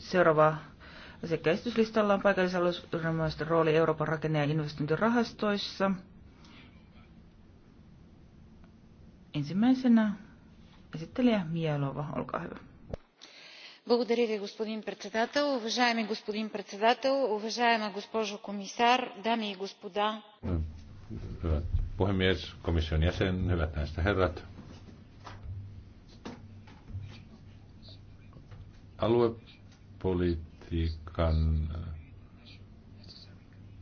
Seuraava sekä esityslistalla on paikallisalusviranomaisten rooli Euroopan rakenne- ja investointirahastoissa. Ensimmäisenä esittelijä Mielova, olkaa hyvä. Благодаря ви, господин председател. Уважаеми господин председател, уважаема госпожо комисар, дами и господа. Hyvät puhemies, komission jäsen, hyvät näistä herrat. Alue politiikan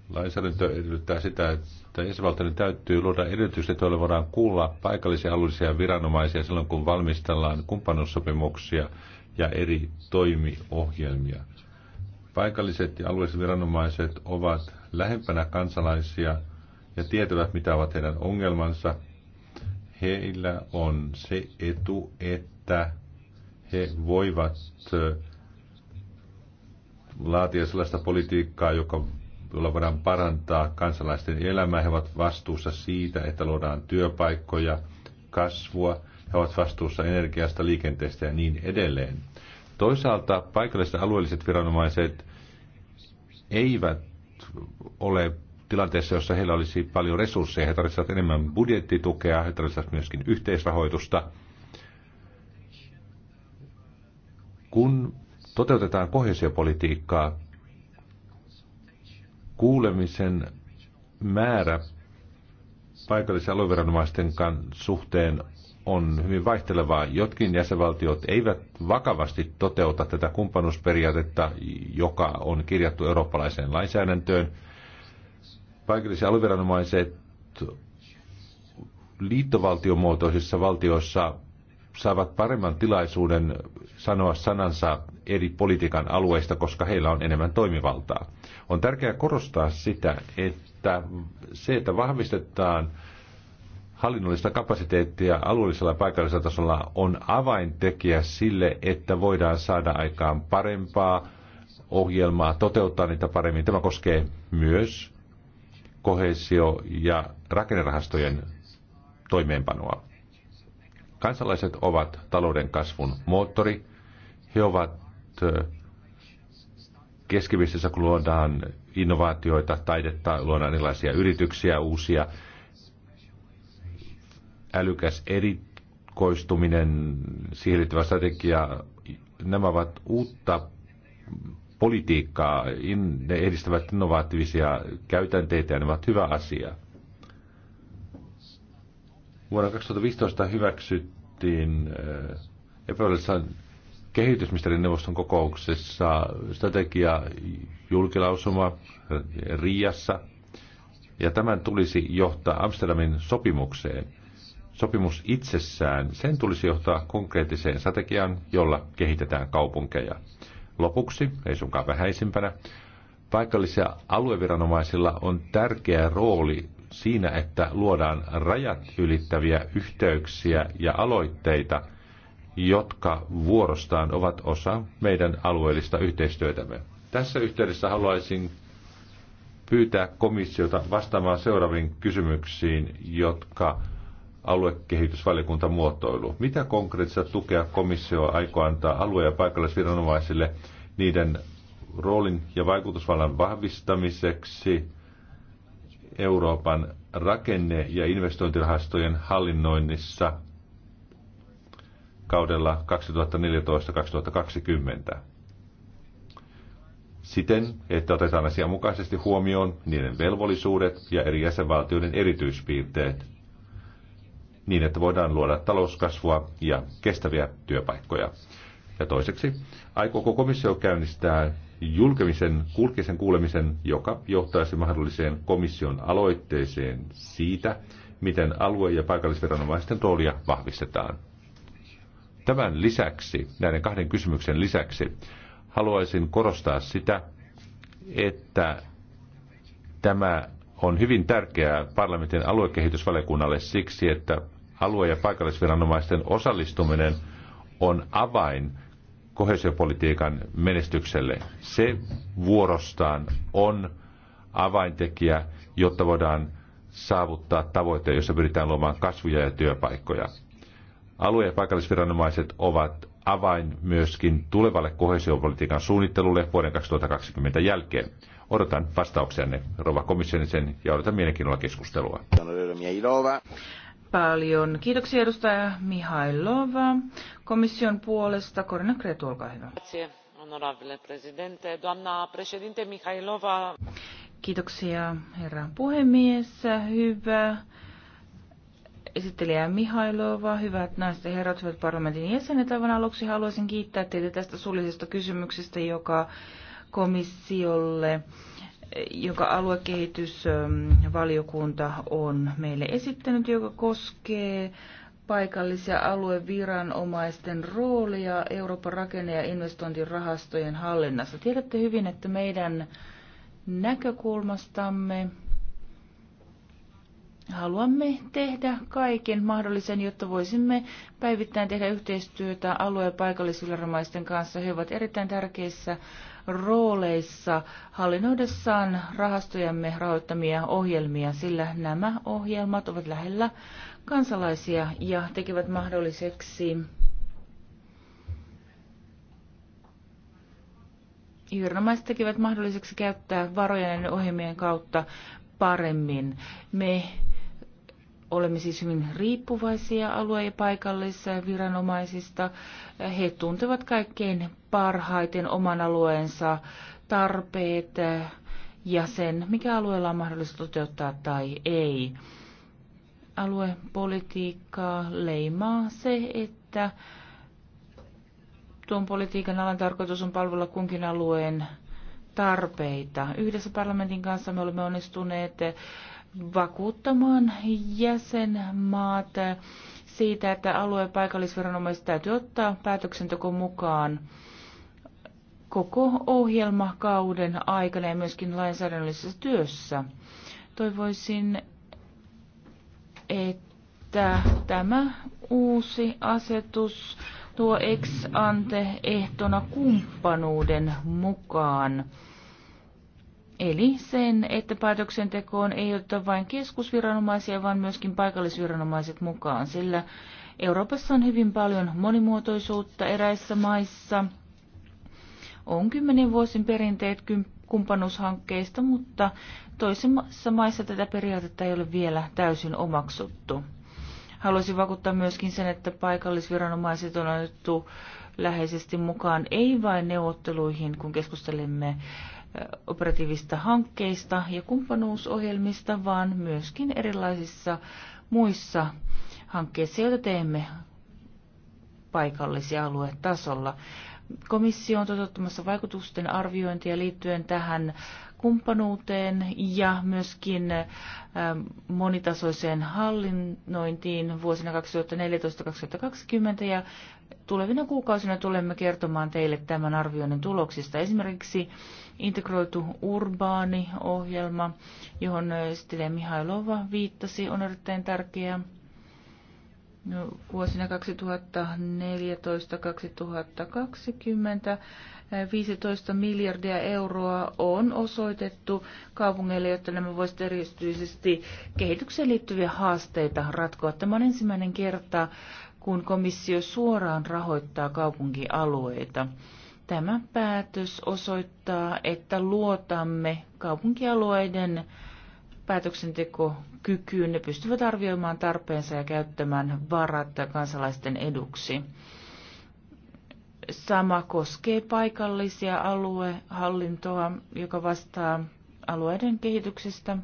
lainsäädäntö edellyttää sitä, että ensivaltainen täytyy luoda edellytykset, joilla voidaan kuulla paikallisia alueellisia viranomaisia silloin, kun valmistellaan kumppanuussopimuksia ja eri toimiohjelmia. Paikalliset ja alueelliset viranomaiset ovat lähempänä kansalaisia ja tietävät, mitä ovat heidän ongelmansa. Heillä on se etu, että he voivat laatia sellaista politiikkaa, joka, jolla voidaan parantaa kansalaisten elämää. He ovat vastuussa siitä, että luodaan työpaikkoja, kasvua. He ovat vastuussa energiasta, liikenteestä ja niin edelleen. Toisaalta paikalliset alueelliset viranomaiset eivät ole tilanteessa, jossa heillä olisi paljon resursseja. He tarvitsevat enemmän budjettitukea, he tarvitsevat myöskin yhteisrahoitusta. Kun toteutetaan kohesiopolitiikkaa, kuulemisen määrä paikallisen alueviranomaisten suhteen on hyvin vaihtelevaa. Jotkin jäsenvaltiot eivät vakavasti toteuta tätä kumppanuusperiaatetta, joka on kirjattu eurooppalaiseen lainsäädäntöön. Paikallisen alueviranomaiset liittovaltiomuotoisissa valtioissa saavat paremman tilaisuuden sanoa sanansa eri politiikan alueista, koska heillä on enemmän toimivaltaa. On tärkeää korostaa sitä, että se, että vahvistetaan hallinnollista kapasiteettia alueellisella ja paikallisella tasolla on avaintekijä sille, että voidaan saada aikaan parempaa ohjelmaa, toteuttaa niitä paremmin. Tämä koskee myös kohesio- ja rakennerahastojen toimeenpanoa. Kansalaiset ovat talouden kasvun moottori. He ovat keskipisteessä, kun luodaan innovaatioita, taidetta, luodaan erilaisia yrityksiä, uusia. Älykäs erikoistuminen, siihen liittyvä strategia, nämä ovat uutta politiikkaa, ne edistävät innovatiivisia käytänteitä ja ne ovat hyvä asia. Vuonna 2015 hyväksytty puhuttiin äh, epävirallisessa neuvoston kokouksessa strategia julkilausuma äh, Riassa, ja tämän tulisi johtaa Amsterdamin sopimukseen. Sopimus itsessään, sen tulisi johtaa konkreettiseen strategiaan, jolla kehitetään kaupunkeja. Lopuksi, ei sunkaan vähäisimpänä, paikallisilla alueviranomaisilla on tärkeä rooli siinä, että luodaan rajat ylittäviä yhteyksiä ja aloitteita, jotka vuorostaan ovat osa meidän alueellista yhteistyötämme. Tässä yhteydessä haluaisin pyytää komissiota vastaamaan seuraaviin kysymyksiin, jotka aluekehitysvaliokunta muotoilu. Mitä konkreettista tukea komissio aikoo antaa alue- ja paikallisviranomaisille niiden roolin ja vaikutusvallan vahvistamiseksi Euroopan rakenne- ja investointirahastojen hallinnoinnissa kaudella 2014-2020. Siten, että otetaan asianmukaisesti huomioon niiden velvollisuudet ja eri jäsenvaltioiden erityispiirteet, niin että voidaan luoda talouskasvua ja kestäviä työpaikkoja. Ja toiseksi, aikooko komissio käynnistää julkisen kulkisen kuulemisen, joka johtaisi mahdolliseen komission aloitteeseen siitä, miten alue- ja paikallisviranomaisten roolia vahvistetaan. Tämän lisäksi, näiden kahden kysymyksen lisäksi, haluaisin korostaa sitä, että tämä on hyvin tärkeää parlamentin aluekehitysvaliokunnalle siksi, että alue- ja paikallisviranomaisten osallistuminen on avain kohesiopolitiikan menestykselle. Se vuorostaan on avaintekijä, jotta voidaan saavuttaa tavoite, jossa pyritään luomaan kasvuja ja työpaikkoja. Alue- ja paikallisviranomaiset ovat avain myöskin tulevalle kohesiopolitiikan suunnittelulle vuoden 2020 jälkeen. Odotan vastauksianne, rouva komissionisen, ja odotan mielenkiinnolla keskustelua paljon. Kiitoksia edustaja Mihailova. Komission puolesta Korina Kretu, olkaa hyvä. Kiitoksia herra puhemies. Hyvä esittelijä Mihailova, hyvät naiset ja herrat, hyvät parlamentin jäsenet. Aivan aluksi haluaisin kiittää teitä tästä suullisesta kysymyksestä, joka komissiolle jonka aluekehitysvaliokunta on meille esittänyt, joka koskee paikallisia alueviranomaisten roolia Euroopan rakenne- ja investointirahastojen hallinnassa. Tiedätte hyvin, että meidän näkökulmastamme haluamme tehdä kaiken mahdollisen, jotta voisimme päivittäin tehdä yhteistyötä alue- ja paikallisviranomaisten kanssa. He ovat erittäin tärkeissä rooleissa hallinnoidessaan rahastojamme rahoittamia ohjelmia, sillä nämä ohjelmat ovat lähellä kansalaisia ja tekevät mahdolliseksi viranomaiset tekevät mahdolliseksi käyttää varoja näiden ohjelmien kautta paremmin. Me olemme siis hyvin riippuvaisia alue- ja viranomaisista. He tuntevat kaikkein parhaiten oman alueensa tarpeet ja sen, mikä alueella on mahdollista toteuttaa tai ei. Aluepolitiikkaa leimaa se, että tuon politiikan alan tarkoitus on palvella kunkin alueen tarpeita. Yhdessä parlamentin kanssa me olemme onnistuneet vakuuttamaan jäsenmaat siitä, että alueen paikallisviranomaiset täytyy ottaa päätöksenteko mukaan koko ohjelmakauden aikana ja myöskin lainsäädännöllisessä työssä. Toivoisin, että tämä uusi asetus tuo ex ante ehtona kumppanuuden mukaan. Eli sen, että päätöksentekoon ei oteta vain keskusviranomaisia, vaan myöskin paikallisviranomaiset mukaan, sillä Euroopassa on hyvin paljon monimuotoisuutta eräissä maissa. On kymmenen vuosin perinteet kumppanuushankkeista, mutta toisissa maissa tätä periaatetta ei ole vielä täysin omaksuttu. Haluaisin vakuuttaa myöskin sen, että paikallisviranomaiset on otettu läheisesti mukaan, ei vain neuvotteluihin, kun keskustelemme operatiivista hankkeista ja kumppanuusohjelmista, vaan myöskin erilaisissa muissa hankkeissa, joita teemme paikallisia aluetasolla. Komissio on toteuttamassa vaikutusten arviointia liittyen tähän kumppanuuteen ja myöskin ähm, monitasoiseen hallinnointiin vuosina 2014-2020 ja tulevina kuukausina tulemme kertomaan teille tämän arvioinnin tuloksista. Esimerkiksi integroitu urbaani ohjelma, johon Stile Mihailova viittasi, on erittäin tärkeä. No, vuosina 2014-2020 15 miljardia euroa on osoitettu kaupungeille, jotta nämä voisivat erityisesti kehitykseen liittyviä haasteita ratkoa. Tämä on ensimmäinen kerta, kun komissio suoraan rahoittaa kaupunkialueita. Tämä päätös osoittaa, että luotamme kaupunkialueiden päätöksentekokykyyn. Ne pystyvät arvioimaan tarpeensa ja käyttämään varat kansalaisten eduksi. Sama koskee paikallisia aluehallintoa, joka vastaa alueiden kehityksestä.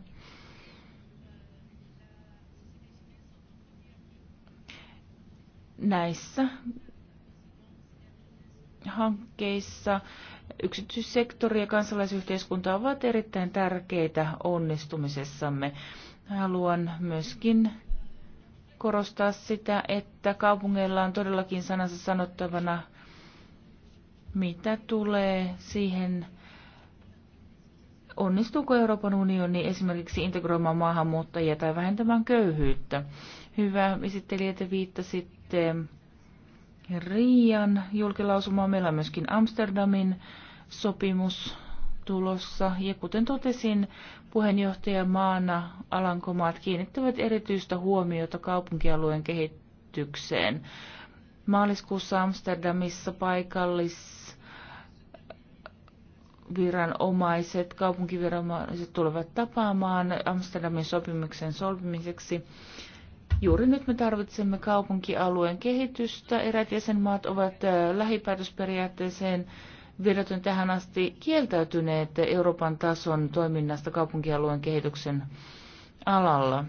Näissä hankkeissa yksityissektori ja kansalaisyhteiskunta ovat erittäin tärkeitä onnistumisessamme. Haluan myöskin korostaa sitä, että kaupungeilla on todellakin sanansa sanottavana mitä tulee siihen, onnistuuko Euroopan unioni esimerkiksi integroimaan maahanmuuttajia tai vähentämään köyhyyttä. Hyvä esittelijä, te viittasitte Riian julkilausumaan. Meillä on myöskin Amsterdamin sopimus tulossa. Ja kuten totesin, puheenjohtajamaana Alankomaat kiinnittävät erityistä huomiota kaupunkialueen kehitykseen. Maaliskuussa Amsterdamissa paikallis viranomaiset, kaupunkiviranomaiset tulevat tapaamaan Amsterdamin sopimuksen solmimiseksi. Juuri nyt me tarvitsemme kaupunkialueen kehitystä. Eräät jäsenmaat ovat äh, lähipäätösperiaatteeseen vedoten tähän asti kieltäytyneet Euroopan tason toiminnasta kaupunkialueen kehityksen alalla.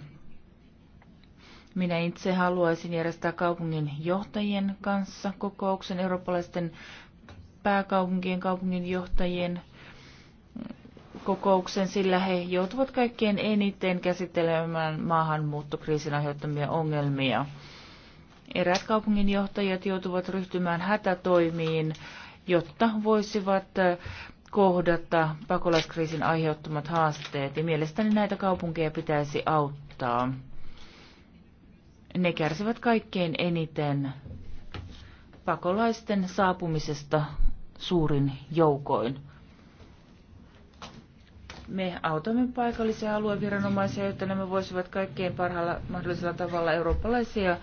Minä itse haluaisin järjestää kaupungin johtajien kanssa kokouksen eurooppalaisten pääkaupunkien kaupunginjohtajien kokouksen, sillä he joutuvat kaikkein eniten käsittelemään maahanmuuttokriisin aiheuttamia ongelmia. Eräät kaupunginjohtajat joutuvat ryhtymään hätätoimiin, jotta voisivat äh, kohdata pakolaiskriisin aiheuttamat haasteet, ja mielestäni näitä kaupunkeja pitäisi auttaa. Ne kärsivät kaikkein eniten pakolaisten saapumisesta suurin joukoin. Me autamme paikallisia alueviranomaisia, jotta nämä voisivat kaikkein parhaalla mahdollisella tavalla eurooppalaisia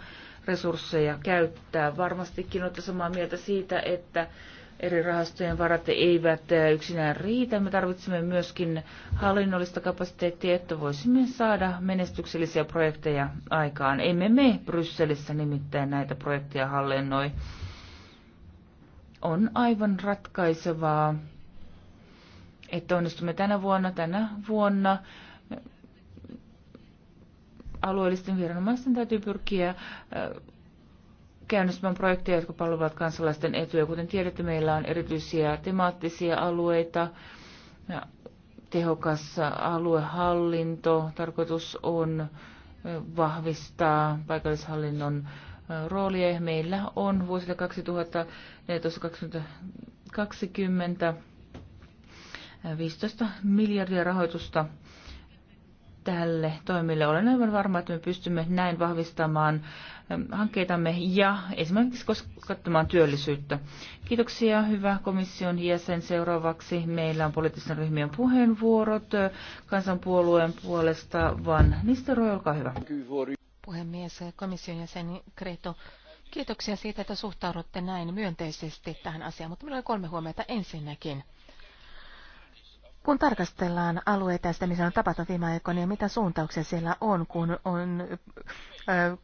resursseja käyttää. Varmastikin olette samaa mieltä siitä, että eri rahastojen varat eivät yksinään riitä. Me tarvitsemme myöskin hallinnollista kapasiteettia, että voisimme saada menestyksellisiä projekteja aikaan. Emme me Brysselissä nimittäin näitä projekteja hallinnoi. On aivan ratkaisevaa että onnistumme tänä vuonna, tänä vuonna alueellisten viranomaisten täytyy pyrkiä äh, käynnistämään projekteja, jotka palvelevat kansalaisten etuja. Kuten tiedätte, meillä on erityisiä temaattisia alueita, tehokas aluehallinto. Tarkoitus on äh, vahvistaa paikallishallinnon äh, roolia. Meillä on vuosille 2014-2020 15 miljardia rahoitusta tälle toimille. Olen aivan varma, että me pystymme näin vahvistamaan ähm, hankkeitamme ja esimerkiksi koskattamaan työllisyyttä. Kiitoksia, hyvä komission jäsen. Seuraavaksi meillä on poliittisen ryhmien puheenvuorot. Äh, kansanpuolueen puolesta Van Nisteroi, olkaa hyvä. Puhemies, äh, komission jäsen Kreto, kiitoksia siitä, että suhtaudutte näin myönteisesti tähän asiaan, mutta minulla on kolme huomiota ensinnäkin. Kun tarkastellaan alueita ja sitä, missä on tapahtunut viime aikoina, niin mitä suuntauksia siellä on, kun on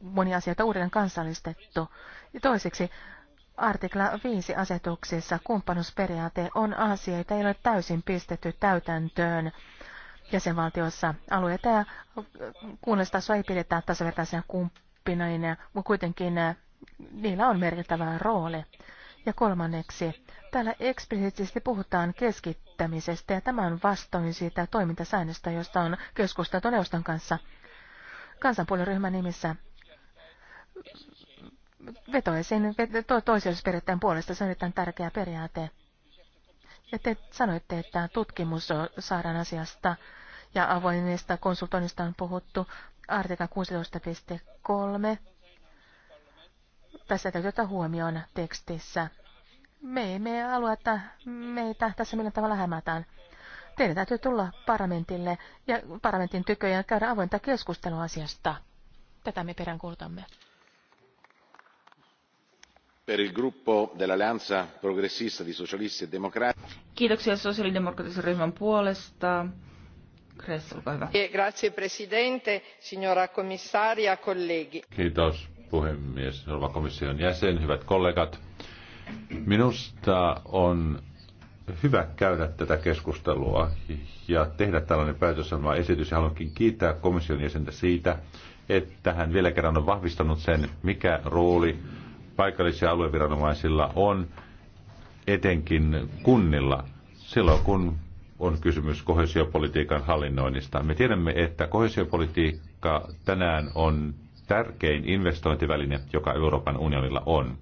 monia asioita uudelleen kansallistettu? Ja toiseksi, artikla 5 asetuksessa kumppanuusperiaate on asia, jota ei ole täysin pistetty täytäntöön jäsenvaltiossa. Alueita ja kunnallistasoa ei pidetä tasavertaisena kumppinaina, mutta kuitenkin niillä on merkittävä rooli. Ja kolmanneksi, täällä eksplisiittisesti puhutaan keskittämisestä ja tämä on vastoin siitä toimintasäännöstä, josta on keskusteltu neuvoston kanssa kansanpuoliryhmän nimissä vetoisin to, toisiosperiaatteen puolesta. Se on erittäin tärkeä periaate. Ja te sanoitte, että tutkimus saadaan asiasta ja avoimesta konsultoinnista on puhuttu artikla 16.3 tässä täytyy ottaa huomioon tekstissä. Me emme halua, että meitä tässä millään tavalla hämätään. Teidän täytyy tulla parlamentille ja parlamentin tykö käydä avointa keskustelua asiasta. Tätä me peräänkuulutamme. Per il gruppo dell'Alleanza Progressista di Socialisti e Democratici. Kiitoksia sosiaalidemokraattisen ryhmän puolesta. Kress, olkaa hyvä. Grazie Presidente, signora commissaria, colleghi. Kiitos puhemies, Euroopan komission jäsen, hyvät kollegat. Minusta on hyvä käydä tätä keskustelua ja tehdä tällainen päätösasema esitys. Haluankin kiittää komission jäsentä siitä, että hän vielä kerran on vahvistanut sen, mikä rooli paikallisilla ja alueviranomaisilla on, etenkin kunnilla, silloin kun on kysymys kohesiopolitiikan hallinnoinnista. Me tiedämme, että kohesiopolitiikka tänään on tärkein investointiväline, joka Euroopan unionilla on.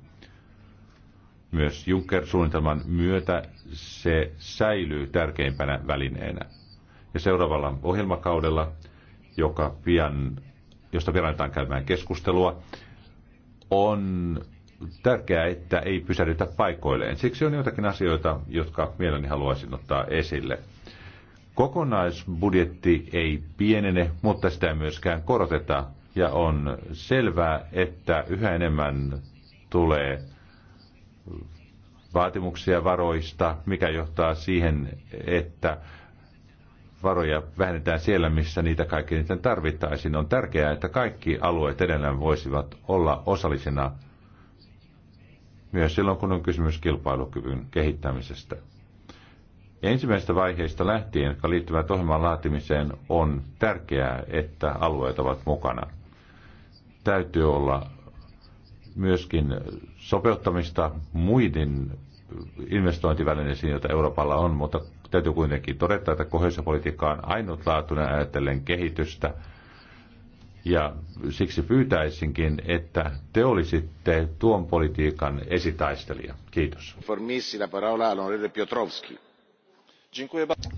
Myös Juncker-suunnitelman myötä se säilyy tärkeimpänä välineenä. Ja seuraavalla ohjelmakaudella, joka pian, josta pian aletaan käymään keskustelua, on tärkeää, että ei pysähdytä paikoilleen. Siksi on joitakin asioita, jotka mielelläni haluaisin ottaa esille. Kokonaisbudjetti ei pienene, mutta sitä ei myöskään koroteta ja on selvää, että yhä enemmän tulee vaatimuksia varoista, mikä johtaa siihen, että varoja vähennetään siellä, missä niitä kaikki niiden tarvittaisiin. On tärkeää, että kaikki alueet edelleen voisivat olla osallisena myös silloin, kun on kysymys kilpailukyvyn kehittämisestä. Ensimmäisestä vaiheesta lähtien, jotka liittyvät ohjelman laatimiseen, on tärkeää, että alueet ovat mukana täytyy olla myöskin sopeuttamista muiden investointivälineisiin, joita Euroopalla on, mutta täytyy kuitenkin todeta, että kohesiopolitiikka on ainutlaatuinen ajatellen kehitystä. Ja siksi pyytäisinkin, että te olisitte tuon politiikan esitaistelija. Kiitos.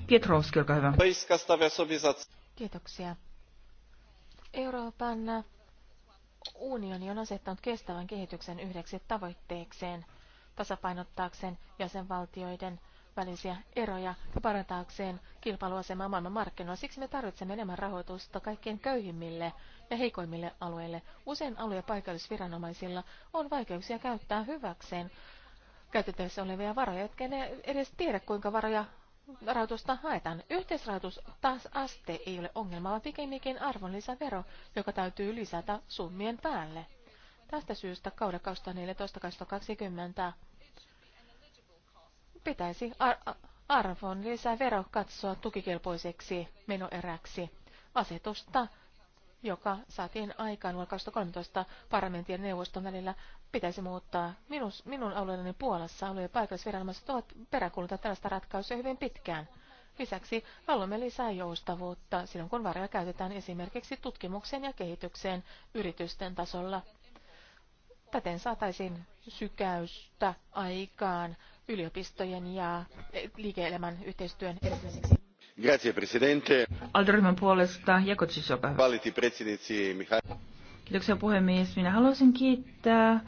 Piotrowski, olkaa hyvä. Kiitoksia. Euroopan Unioni on asettanut kestävän kehityksen yhdeksi tavoitteekseen tasapainottaakseen jäsenvaltioiden välisiä eroja ja parantaakseen kilpailuasemaa maailmanmarkkinoilla. Siksi me tarvitsemme enemmän rahoitusta kaikkein köyhimmille ja heikoimmille alueille. Usein alue- ja paikallisviranomaisilla on vaikeuksia käyttää hyväkseen käytettävissä olevia varoja, jotka ne edes tiedä, kuinka varoja rahoitusta haetaan. aste ei ole ongelma, vaan pikemminkin arvonlisävero, joka täytyy lisätä summien päälle. Tästä syystä kauden 2014-2020 pitäisi ar- arvonlisävero katsoa tukikelpoiseksi menoeräksi. Asetusta joka saatiin aikaan vuonna 2013 parlamentin ja neuvoston välillä pitäisi muuttaa. Minun, minun alueellani Puolassa alue- ja paikallisviranomaiset ovat peräkuuluttaneet tällaista ratkaisua hyvin pitkään. Lisäksi haluamme lisää joustavuutta silloin, kun varoja käytetään esimerkiksi tutkimukseen ja kehitykseen yritysten tasolla. Täten saataisiin sykäystä aikaan yliopistojen ja eh, liike-elämän yhteistyön edistämiseksi. Grazie, Presidente. Alderman puolesta Jakotsisopa. Valiti Presidentti Mihail. Kiitoksia puhemies. Minä haluaisin kiittää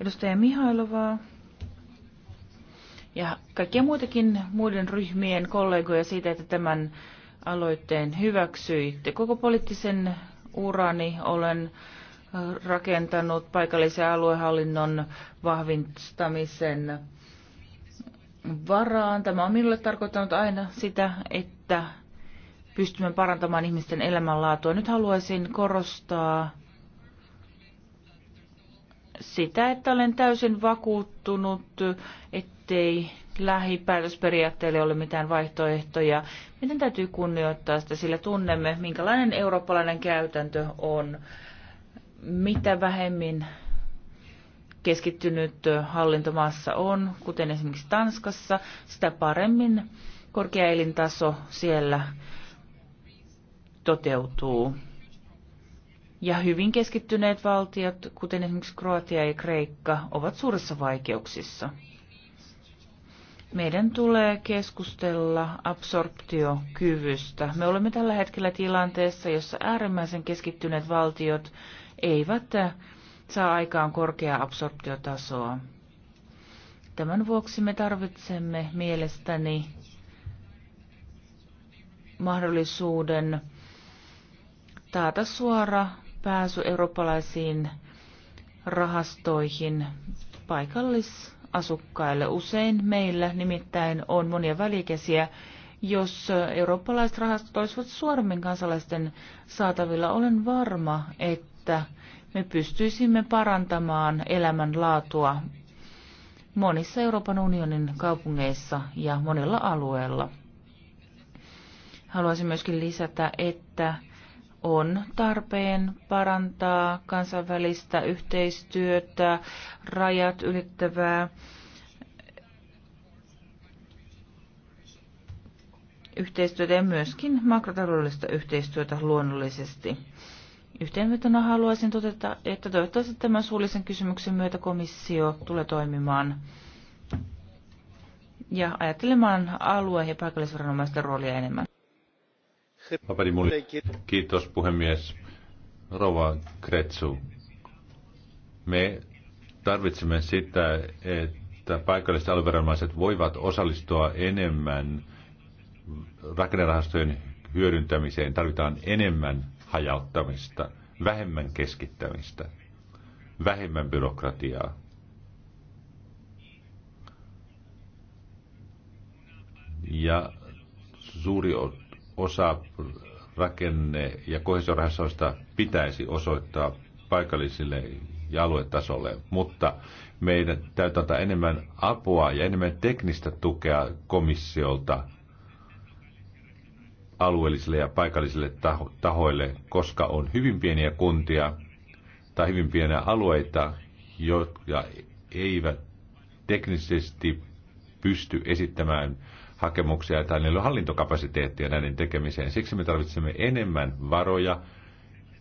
edustaja Mihailovaa ja kaikkia muitakin muiden ryhmien kollegoja siitä, että tämän aloitteen hyväksyitte. Koko poliittisen urani olen rakentanut paikallisen aluehallinnon vahvistamisen varaan. Tämä on minulle tarkoittanut aina sitä, että pystymme parantamaan ihmisten elämänlaatua. Nyt haluaisin korostaa sitä, että olen täysin vakuuttunut, ettei lähipäätösperiaatteelle ole mitään vaihtoehtoja. Miten täytyy kunnioittaa sitä, sillä tunnemme, minkälainen eurooppalainen käytäntö on. Mitä vähemmin keskittynyt hallintomaassa on, kuten esimerkiksi Tanskassa, sitä paremmin korkea elintaso siellä toteutuu ja hyvin keskittyneet valtiot, kuten esimerkiksi Kroatia ja Kreikka, ovat suurissa vaikeuksissa. Meidän tulee keskustella absorptiokyvystä. Me olemme tällä hetkellä tilanteessa, jossa äärimmäisen keskittyneet valtiot eivät saa aikaan korkeaa absorptiotasoa. Tämän vuoksi me tarvitsemme mielestäni mahdollisuuden taata suora pääsy eurooppalaisiin rahastoihin paikallisasukkaille. Usein meillä nimittäin on monia välikäsiä, jos eurooppalaiset rahastot olisivat suoremmin kansalaisten saatavilla, olen varma, että me pystyisimme parantamaan elämänlaatua monissa Euroopan unionin kaupungeissa ja monilla alueilla. Haluaisin myöskin lisätä, että on tarpeen parantaa kansainvälistä yhteistyötä, rajat ylittävää yhteistyötä ja myöskin makrotaloudellista yhteistyötä luonnollisesti. Yhteenvetona haluaisin todeta, että toivottavasti tämän suullisen kysymyksen myötä komissio tulee toimimaan ja ajattelemaan alue- ja paikallisviranomaisten roolia enemmän. Kiitos puhemies. Rova Kretsu, me tarvitsemme sitä, että paikalliset alueviranomaiset voivat osallistua enemmän rakennerahastojen hyödyntämiseen. Tarvitaan enemmän hajauttamista, vähemmän keskittämistä, vähemmän byrokratiaa. Ja suuri osa rakenne- ja kohesiorahastoista pitäisi osoittaa paikallisille ja aluetasolle, mutta meidän täytyy antaa enemmän apua ja enemmän teknistä tukea komissiolta alueellisille ja paikallisille taho- tahoille, koska on hyvin pieniä kuntia tai hyvin pieniä alueita, jotka eivät teknisesti pysty esittämään hakemuksia tai niillä on hallintokapasiteettia näiden tekemiseen. Siksi me tarvitsemme enemmän varoja,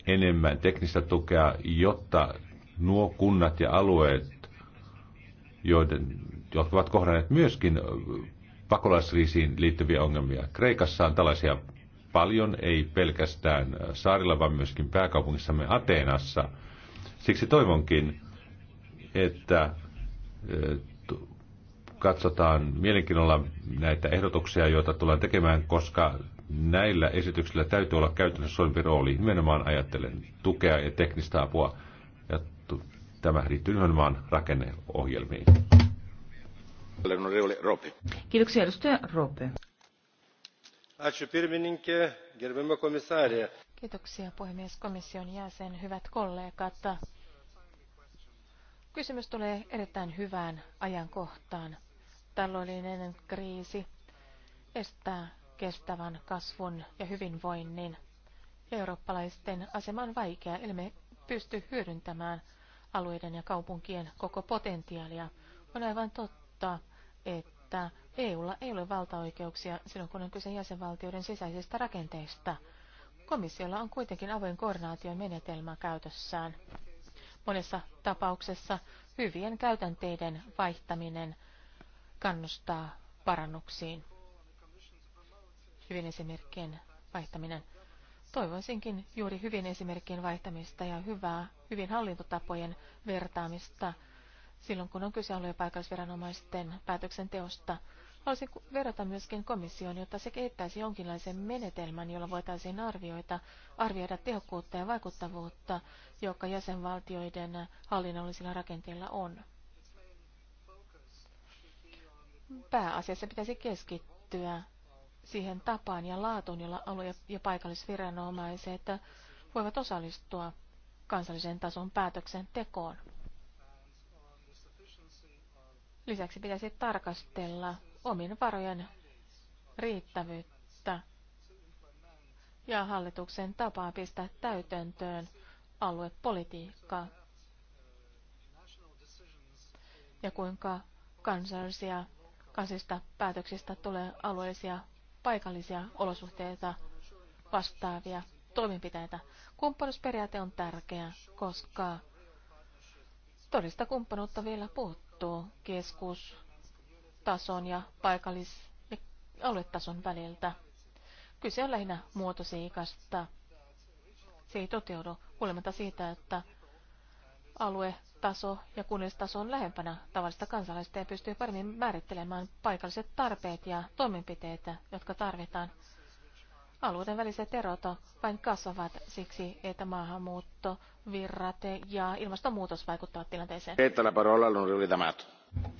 enemmän teknistä tukea, jotta nuo kunnat ja alueet, joiden, jotka ovat kohdanneet myöskin pakolaiskriisiin liittyviä ongelmia. Kreikassa on tällaisia paljon, ei pelkästään saarilla, vaan myöskin pääkaupungissamme Ateenassa. Siksi toivonkin, että katsotaan mielenkiinnolla näitä ehdotuksia, joita tullaan tekemään, koska näillä esityksillä täytyy olla käytännössä suurempi rooli. Nimenomaan ajattelen tukea ja teknistä apua. Ja tämä liittyy nimenomaan rakenneohjelmiin. Kiitoksia, edustaja Rope. Kiitoksia puhemies komission jäsen, hyvät kollegat. Kysymys tulee erittäin hyvään ajankohtaan taloudellinen kriisi estää kestävän kasvun ja hyvinvoinnin. Eurooppalaisten asema on vaikea, ellei pysty hyödyntämään alueiden ja kaupunkien koko potentiaalia. On aivan totta, että EUlla ei ole valtaoikeuksia silloin, kun on kyse jäsenvaltioiden sisäisistä rakenteista. Komissiolla on kuitenkin avoin koordinaatiomenetelmä käytössään. Monessa tapauksessa hyvien käytänteiden vaihtaminen kannustaa parannuksiin. Hyvin esimerkkien vaihtaminen. Toivoisinkin juuri hyvin esimerkkien vaihtamista ja hyvää, hyvin hallintotapojen vertaamista silloin, kun on kyse alue- ja paikallisviranomaisten päätöksenteosta. Haluaisin verrata myöskin komissioon, jotta se kehittäisi jonkinlaisen menetelmän, jolla voitaisiin arvioida, arvioida tehokkuutta ja vaikuttavuutta, joka jäsenvaltioiden hallinnollisilla rakenteilla on pääasiassa pitäisi keskittyä siihen tapaan ja laatuun, jolla alue- ja paikallisviranomaiset voivat osallistua kansallisen tason päätöksentekoon. Lisäksi pitäisi tarkastella omin varojen riittävyyttä ja hallituksen tapaa pistää täytäntöön aluepolitiikkaa ja kuinka kansallisia kansallisista päätöksistä tulee alueellisia paikallisia olosuhteita vastaavia toimenpiteitä. Kumppanuusperiaate on tärkeä, koska todista kumppanuutta vielä puuttuu keskustason ja paikallis- ja aluetason väliltä. Kyse on lähinnä muotoseikasta. Se ei toteudu huolimatta siitä, että alue taso ja kunnallistaso on lähempänä tavallista kansalaista ja pystyy paremmin määrittelemään paikalliset tarpeet ja toimenpiteet, jotka tarvitaan. Alueiden väliset erot vain kasvavat siksi, että maahanmuutto, virrat ja ilmastonmuutos vaikuttavat tilanteeseen.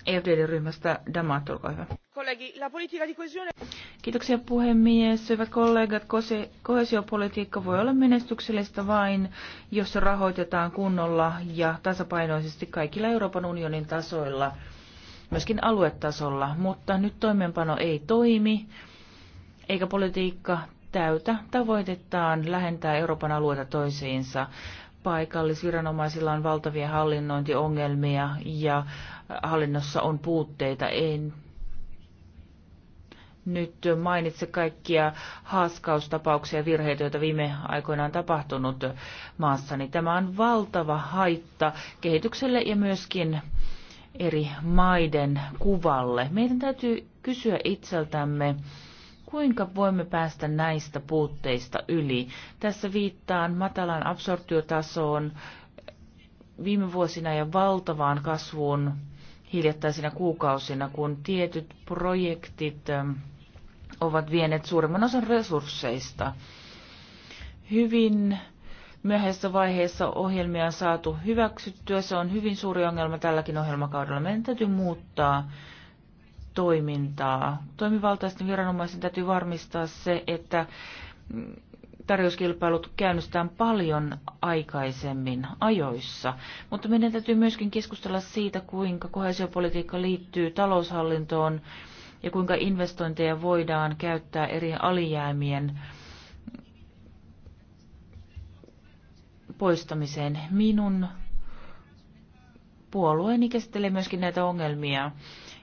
EFD-ryhmästä Damat, olkaa hyvä. Kiitoksia puhemies. Hyvät kollegat, kohesiopolitiikka voi olla menestyksellistä vain, jos se rahoitetaan kunnolla ja tasapainoisesti kaikilla Euroopan unionin tasoilla, myöskin aluetasolla. Mutta nyt toimeenpano ei toimi, eikä politiikka täytä tavoitettaan lähentää Euroopan alueita toisiinsa paikallisviranomaisilla on valtavia hallinnointiongelmia ja hallinnossa on puutteita. En nyt mainitse kaikkia haaskaustapauksia ja virheitä, joita viime aikoina on tapahtunut maassani. Tämä on valtava haitta kehitykselle ja myöskin eri maiden kuvalle. Meidän täytyy kysyä itseltämme, Kuinka voimme päästä näistä puutteista yli? Tässä viittaan matalan absorptiotasoon viime vuosina ja valtavaan kasvuun hiljattaisina kuukausina, kun tietyt projektit ähm, ovat vieneet suurimman osan resursseista. Hyvin myöhäisessä vaiheessa ohjelmia on saatu hyväksyttyä. Se on hyvin suuri ongelma tälläkin ohjelmakaudella. Meidän täytyy muuttaa toimintaa. Toimivaltaisten viranomaisten täytyy varmistaa se, että tarjouskilpailut käynnistetään paljon aikaisemmin ajoissa, mutta meidän täytyy myöskin keskustella siitä, kuinka kohesiopolitiikka liittyy taloushallintoon ja kuinka investointeja voidaan käyttää eri alijäämien poistamiseen. Minun puolueeni käsittelee myöskin näitä ongelmia.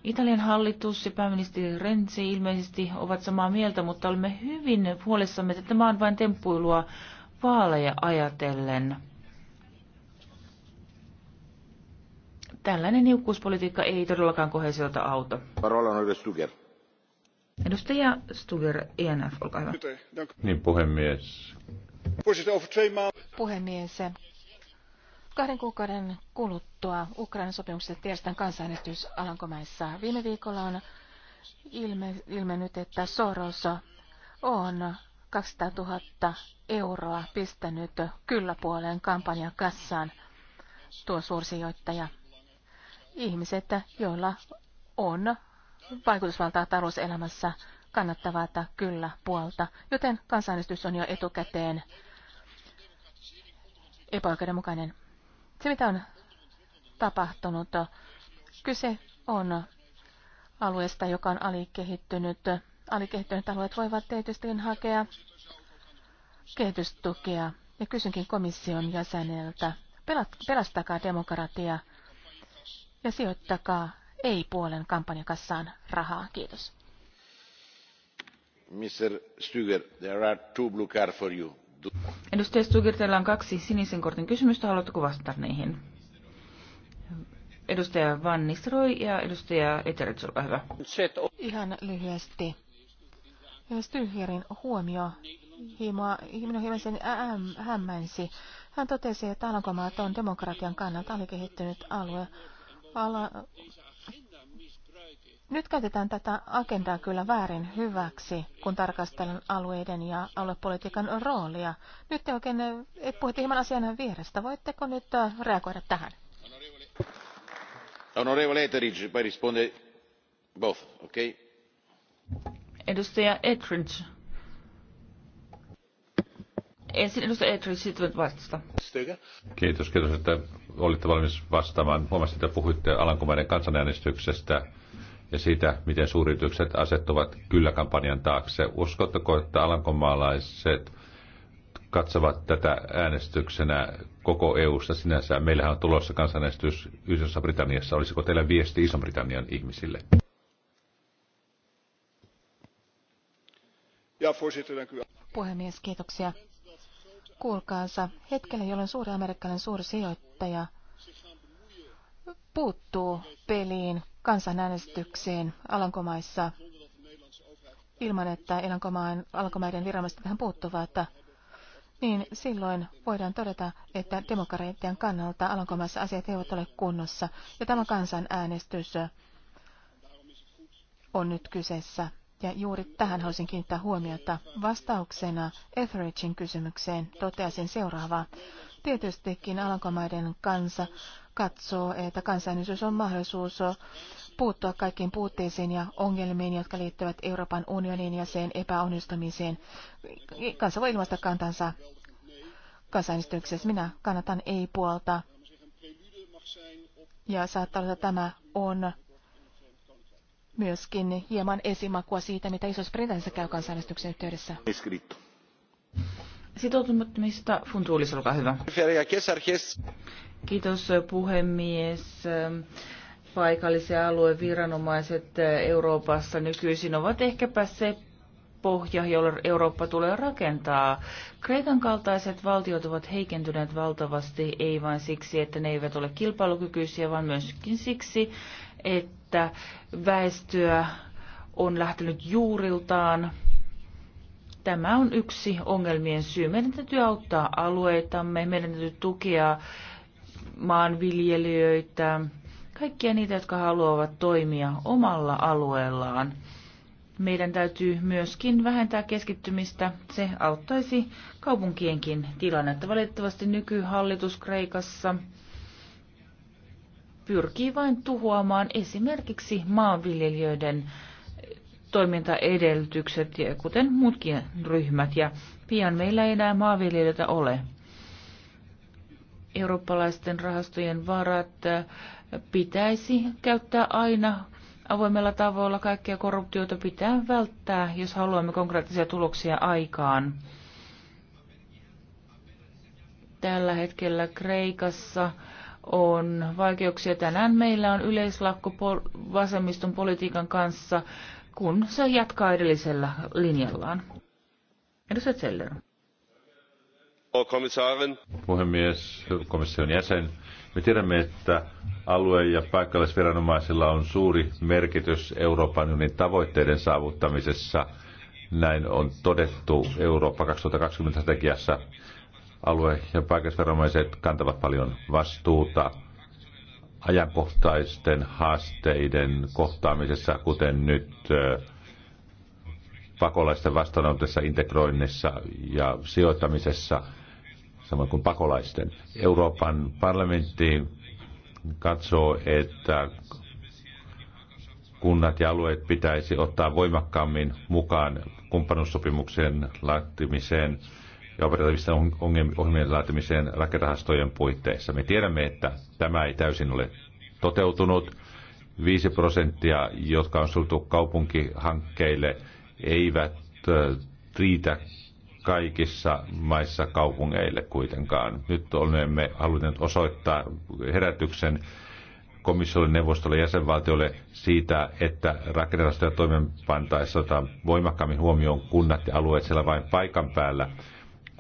Italian hallitus ja pääministeri Renzi ilmeisesti ovat samaa mieltä, mutta olemme hyvin huolissamme, että tämä on vain temppuilua vaaleja ajatellen. Tällainen niukkuuspolitiikka ei todellakaan kohesiota auta. Edustaja Stuger, INF, e olkaa hyvä. Niin, puhemies. Puhemies, Kahden kuukauden kuluttua Ukrainan sopimuksesta tiedetään kansanäänestys Alankomaissa. Viime viikolla on ilme, ilmennyt, että Soros on 200 000 euroa pistänyt kyllä-puoleen kampanjan kassaan tuo suursijoittaja. Ihmiset, joilla on vaikutusvaltaa talouselämässä, kannattavaa kyllä puolta, joten kansanäänestys on jo etukäteen epäoikeudenmukainen. Se, mitä on tapahtunut, kyse on alueesta, joka on alikehittynyt. Alikehittyneet alueet voivat tietysti hakea kehitystukea. Ja kysynkin komission jäseneltä, pelastakaa demokratia ja sijoittakaa ei-puolen kampanjakassaan rahaa. Kiitos. Mr. Stüger, there are two blue cards for you. Edustaja Stugir, teillä on kaksi sinisen kortin kysymystä. Haluatteko vastata niihin? Edustaja Van Nistroi ja edustaja Eterits, olkaa hyvä. Ihan lyhyesti. Stugirin huomio hima, minua hieman sen hämmänsi. Hän totesi, että Alankomaat on demokratian kannalta alikehittynyt alue. Ala, nyt käytetään tätä agendaa kyllä väärin hyväksi, kun tarkastellaan alueiden ja aluepolitiikan roolia. Nyt te oikein eh, puhutte hieman asian vierestä. Voitteko nyt eh, reagoida tähän? Onorevole Etheridge, poi risponde both, okay? Edustaja Etheridge. Ensin edustaja Etheridge, sitten vastata. Kiitos, kiitos, että olitte valmis vastaamaan. Huomasin, että puhuitte Alankomaiden kansanäänestyksestä ja siitä, miten suuritykset asettuvat kyllä-kampanjan taakse. Uskotteko, että alankomaalaiset katsovat tätä äänestyksenä koko EU-ssa sinänsä? Meillähän on tulossa kansanäänestys Yhdessä Britanniassa. Olisiko teillä viesti Iso-Britannian ihmisille? Puhemies, kiitoksia. Kuulkaansa, hetkellä, jolloin suuri amerikkalainen sijoittaja puuttuu peliin kansanäänestykseen Alankomaissa ilman, että Alankomaan, Alankomaiden viranomaiset tähän puuttuvat, niin silloin voidaan todeta, että demokratian kannalta Alankomaissa asiat eivät ole kunnossa, ja tämä kansanäänestys on nyt kyseessä. Ja juuri tähän haluaisin kiinnittää huomiota. Vastauksena Etheridgein kysymykseen toteaisin seuraavaa. Tietystikin Alankomaiden kansa katsoo, että kansainvälisyys on mahdollisuus puuttua kaikkiin puutteisiin ja ongelmiin, jotka liittyvät Euroopan unioniin ja sen epäonnistumiseen. Kansa voi ilmaista kantansa kansainvälisyyksessä. Minä kannatan ei-puolta. Ja saattaa olla, että tämä on myöskin hieman esimakua siitä, mitä Iso-Britannissa käy kansanäänestyksen yhteydessä. Sitoutumattomista Funtuulis, olkaa hyvä. Kiitos puhemies. Paikallisen alueen viranomaiset Euroopassa nykyisin ovat ehkäpä se pohja, jolle Eurooppa tulee rakentaa. Kreikan kaltaiset valtiot ovat heikentyneet valtavasti, ei vain siksi, että ne eivät ole kilpailukykyisiä, vaan myöskin siksi, että väestöä on lähtenyt juuriltaan Tämä on yksi ongelmien syy. Meidän täytyy auttaa alueitamme, meidän täytyy tukea maanviljelijöitä, kaikkia niitä, jotka haluavat toimia omalla alueellaan. Meidän täytyy myöskin vähentää keskittymistä. Se auttaisi kaupunkienkin tilannetta. Valitettavasti nykyhallitus Kreikassa pyrkii vain tuhoamaan esimerkiksi maanviljelijöiden toimintaedellytykset, kuten muutkin ryhmät, ja pian meillä ei enää maanviljelijöitä ole. Eurooppalaisten rahastojen varat äh, pitäisi käyttää aina avoimella tavoilla. Kaikkea korruptiota pitää välttää, jos haluamme konkreettisia tuloksia aikaan. Tällä hetkellä Kreikassa on vaikeuksia. Tänään meillä on yleislakko vasemmiston politiikan kanssa kun se jatkaa edellisellä linjallaan. Edustaja Zeller. Puhemies, komission jäsen. Me tiedämme, että alue- ja paikallisviranomaisilla on suuri merkitys Euroopan unionin tavoitteiden saavuttamisessa. Näin on todettu Eurooppa 2020 strategiassa. Alue- ja paikallisviranomaiset kantavat paljon vastuuta ajankohtaisten haasteiden kohtaamisessa, kuten nyt pakolaisten vastaanotossa, integroinnissa ja sijoittamisessa, samoin kuin pakolaisten. Euroopan parlamentti katsoo, että kunnat ja alueet pitäisi ottaa voimakkaammin mukaan kumppanuussopimuksen laatimiseen – ja operatiivisten ohjelmien laatimiseen rakerahastojen puitteissa. Me tiedämme, että tämä ei täysin ole toteutunut. 5 prosenttia, jotka on sultu kaupunkihankkeille, eivät riitä kaikissa maissa kaupungeille kuitenkaan. Nyt olemme halunneet osoittaa herätyksen komissiolle, neuvostolle, jäsenvaltiolle siitä, että rakennerahastoja toimenpantaessa otetaan voimakkaammin huomioon kunnat ja alueet siellä vain paikan päällä,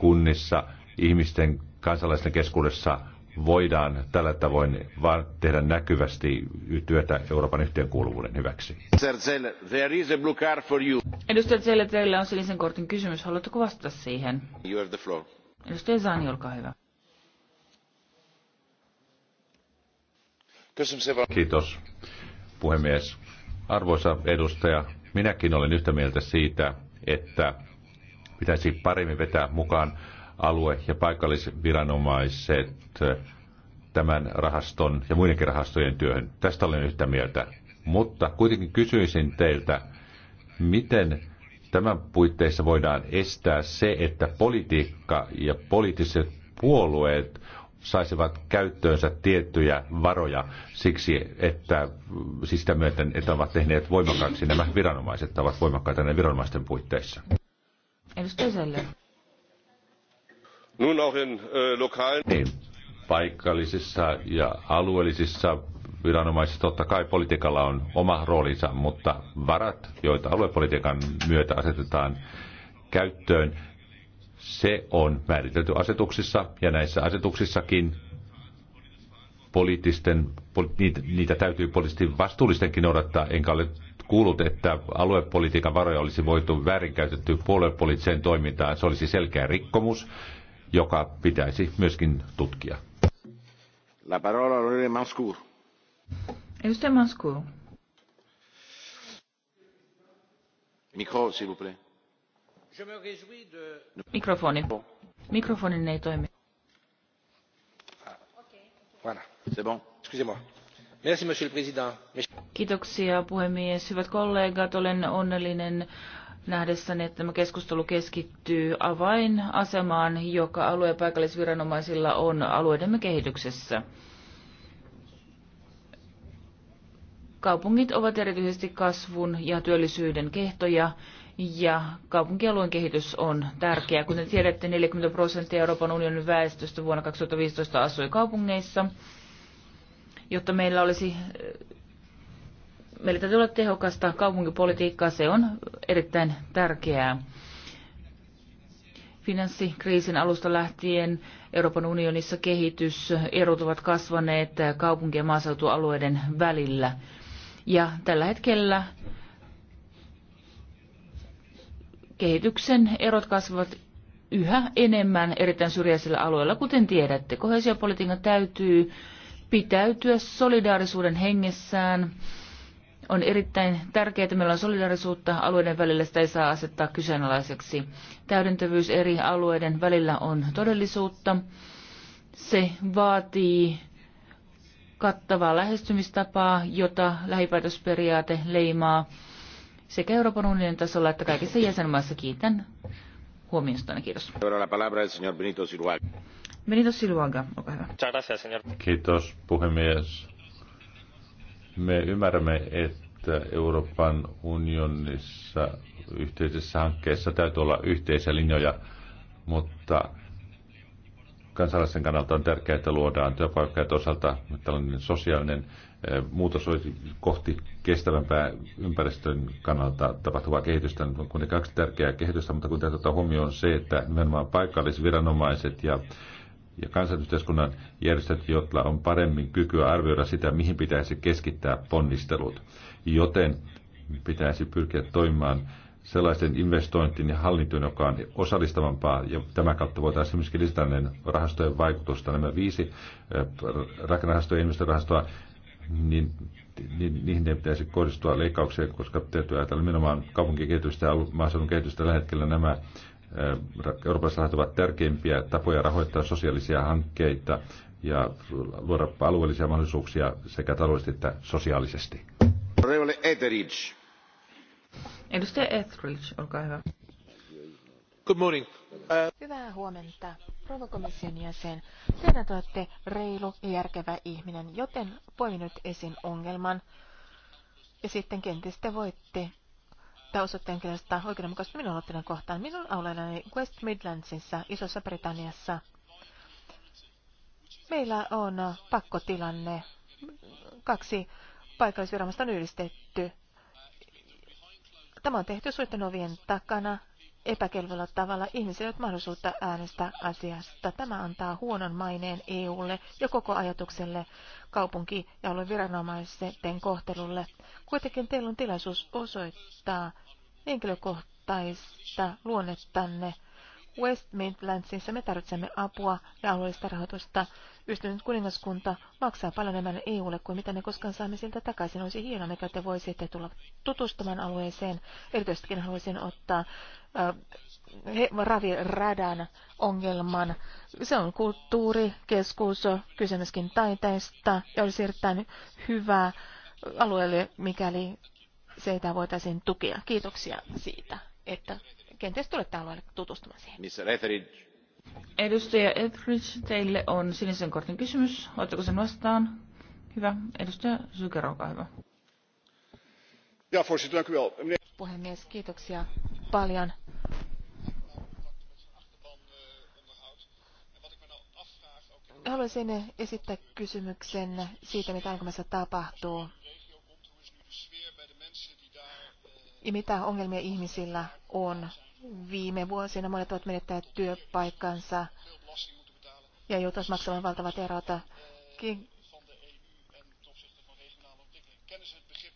kunnissa ihmisten kansalaisten keskuudessa voidaan tällä tavoin vaan tehdä näkyvästi työtä Euroopan yhteenkuuluvuuden hyväksi. Edustaja Zelle, teillä on sinisen kortin kysymys. Haluatteko vastata siihen? You have the floor. Edustaja Zani, olkaa hyvä. Kiitos, puhemies. Arvoisa edustaja, minäkin olen yhtä mieltä siitä, että pitäisi paremmin vetää mukaan alue- ja paikallisviranomaiset eh, tämän rahaston ja muidenkin rahastojen työhön. Tästä olen yhtä mieltä. Mutta kuitenkin kysyisin teiltä, miten tämän puitteissa voidaan estää se, että politiikka ja poliittiset puolueet saisivat käyttöönsä tiettyjä varoja siksi, että siis sitä myöten, että ovat tehneet voimakkaaksi nämä viranomaiset, ovat voimakkaita näiden viranomaisten puitteissa. Nun äh, niin, paikallisissa ja alueellisissa viranomaisissa totta kai politiikalla on oma roolinsa, mutta varat, joita aluepolitiikan myötä asetetaan käyttöön, se on määritelty asetuksissa ja näissä asetuksissakin poliittisten, poli, niitä, niitä täytyy poliittisesti vastuullistenkin noudattaa, enkä ole kuullut, että aluepolitiikan varoja olisi voitu väärinkäytetty puoluepoliittiseen toimintaan. Se olisi selkeä rikkomus, joka pitäisi myöskin tutkia. La parola on Manscour. Edustaja Manscour. Mikro, s'il vous plaît. Mikrofoni. Mikrofonin ei toimi. Voilà. C'est bon. Excusez-moi Kiitoksia puhemies. Hyvät kollegat, olen onnellinen nähdessäni, että tämä keskustelu keskittyy avainasemaan, joka alue- paikallisviranomaisilla on alueidemme kehityksessä. Kaupungit ovat erityisesti kasvun ja työllisyyden kehtoja ja kaupunkialueen kehitys on tärkeää. Kuten tiedätte, 40 prosenttia Euroopan unionin väestöstä vuonna 2015 asui kaupungeissa jotta meillä olisi meillä täytyy olla tehokasta kaupunkipolitiikkaa, se on erittäin tärkeää. Finanssikriisin alusta lähtien Euroopan unionissa erot ovat kasvaneet kaupunki- ja maaseutualueiden välillä. Ja tällä hetkellä kehityksen erot kasvavat yhä enemmän erittäin syrjäisillä alueilla, kuten tiedätte. Kohesiopolitiikan täytyy pitäytyä solidaarisuuden hengessään. On erittäin tärkeää, että meillä on solidaarisuutta alueiden välillä, sitä ei saa asettaa kyseenalaiseksi. Täydentävyys eri alueiden välillä on todellisuutta. Se vaatii kattavaa lähestymistapaa, jota lähipäätösperiaate leimaa sekä Euroopan unionin tasolla että kaikissa jäsenmaissa. Kiitän huomiostanne. Kiitos. Benito Siluaga, olkaa hyvä. Kiitos puhemies. Me ymmärrämme, että Euroopan unionissa yhteisessä hankkeessa täytyy olla yhteisiä linjoja, mutta kansalaisen kannalta on tärkeää, että luodaan työpaikkoja toisaalta tällainen sosiaalinen eh, muutos olisi kohti kestävämpää ympäristön kannalta tapahtuvaa kehitystä. On kuitenkin kaksi tärkeää kehitystä, mutta kun täytyy ottaa huomioon se, että nimenomaan paikallisviranomaiset ja ja kansanyhteiskunnan järjestöt, joilla on paremmin kykyä arvioida sitä, mihin pitäisi keskittää ponnistelut. Joten pitäisi pyrkiä toimimaan sellaisten investointien ja hallintoon, joka on osallistavampaa, ja tämän kautta voitaisiin myöskin lisätä rahastojen vaikutusta. Nämä viisi eh, rakennerahastoa ja investorahastoa, niin, niin niihin ei pitäisi kohdistua leikkauksia, koska täytyy ajatella nimenomaan kaupunkikehitystä kehitystä ja maaseudun kehitystä tällä hetkellä nämä Äh, Euroopassa rahat ovat tärkeimpiä tapoja rahoittaa sosiaalisia hankkeita ja luoda alueellisia mahdollisuuksia sekä taloudellisesti että sosiaalisesti. Etheridge. Edustaja Etheridge, olkaa hyvä. Good morning. Uh, Hyvää huomenta, rouva komission jäsen. Teidän olette reilu ja järkevä ihminen, joten poiminut nyt esiin ongelman. Ja sitten kenties te voitte tai osoitteen kielestä oikeudenmukaisesti minun aloittelen kohtaan. Minun alueellani West Midlandsissa, Isossa Britanniassa, meillä on pakkotilanne. Kaksi paikallisviranomaista on yhdistetty. Tämä on tehty suitten ovien takana epäkelvolla tavalla ihmisille ei mahdollisuutta äänestää asiasta. Tämä antaa huonon maineen EUlle ja koko ajatukselle kaupunki- ja alueviranomaisten kohtelulle. Kuitenkin teillä on tilaisuus osoittaa henkilökohtaista luonnettanne West Midlandsissa me tarvitsemme apua ja alueellista rahoitusta. Ystynyt kuningaskunta maksaa paljon enemmän EUlle kuin mitä me koskaan saamme siltä takaisin. Olisi hienoa, mikä te voisitte tulla tutustumaan alueeseen. Erityisestikin haluaisin ottaa äh, raviradan ongelman. Se on kulttuurikeskus, kysymyskin taiteesta ja olisi erittäin hyvä alueelle, mikäli seitä voitaisiin tukea. Kiitoksia siitä, että kenties tulette alueelle tutustumaan siihen. Etheridge? Edustaja Etheridge, teille on sinisen kortin kysymys. Oletteko sen vastaan? Hyvä. Edustaja Syker, olkaa hyvä. Ja, Puhemies, kiitoksia paljon. Haluaisin esittää kysymyksen siitä, mitä alkamassa tapahtuu. Ja mitä ongelmia ihmisillä on Viime vuosina monet ovat menettäneet työpaikkansa ja joutuvat maksamaan valtavat erot.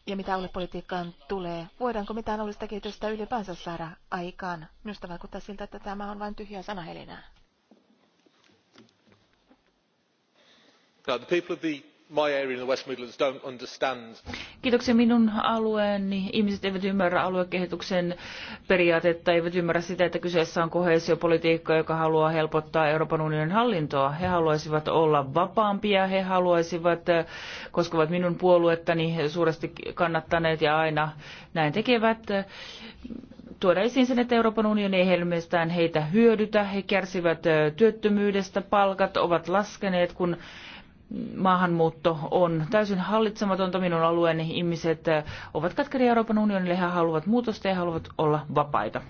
Ja mitä aluepolitiikkaan tulee, voidaanko mitään aluista kehitystä ylipäänsä saada aikaan? Minusta vaikuttaa siltä, että tämä on vain tyhjä sanahelinää. Now, the people of the my area in the West Midlands don't understand. Kiitoksia minun alueeni. Ihmiset eivät ymmärrä aluekehityksen periaatetta, eivät ymmärrä sitä, että kyseessä on koheesiopolitiikka, joka haluaa helpottaa Euroopan unionin hallintoa. He haluaisivat olla vapaampia, he haluaisivat, koska ovat minun puoluettani suuresti kannattaneet ja aina näin tekevät, tuoda esiin sen, että Euroopan unioni ei helmestään heitä hyödytä. He kärsivät työttömyydestä, palkat ovat laskeneet, kun maahanmuutto on täysin hallitsematonta. Minun alueeni ihmiset äh, ovat katkeria Euroopan unionille, he haluavat muutosta ja he haluavat olla vapaita.